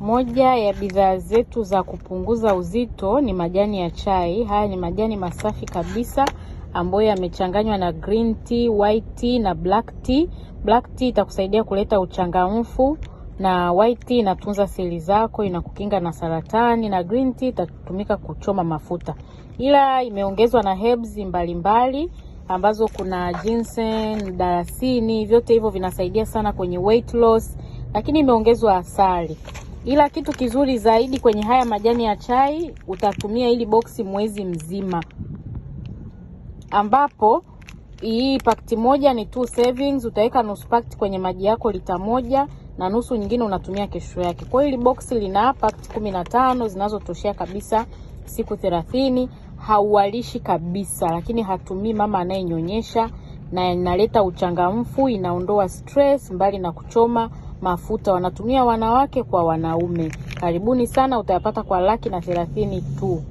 Moja ya bidhaa zetu za kupunguza uzito ni majani ya chai. Haya ni majani masafi kabisa ambayo yamechanganywa na green tea, white tea na black tea. Black tea itakusaidia kuleta uchangamfu na white tea inatunza seli zako, inakukinga na saratani, na green tea itatumika kuchoma mafuta, ila imeongezwa na herbs mbalimbali ambazo kuna ginseng, dalasini, vyote hivyo vinasaidia sana kwenye weight loss, lakini imeongezwa asali ila kitu kizuri zaidi kwenye haya majani ya chai utatumia hili boksi mwezi mzima, ambapo hii pakti moja ni two savings utaweka nusu pakti kwenye maji yako lita moja na nusu nyingine unatumia kesho yake. Kwa hili boksi lina pakti kumi na tano zinazotoshea kabisa siku thelathini. Hauwalishi kabisa, lakini hatumii mama anayenyonyesha, na inaleta uchangamfu, inaondoa stress mbali na kuchoma mafuta wanatumia wanawake kwa wanaume. Karibuni sana, utayapata kwa laki na thelathini tu.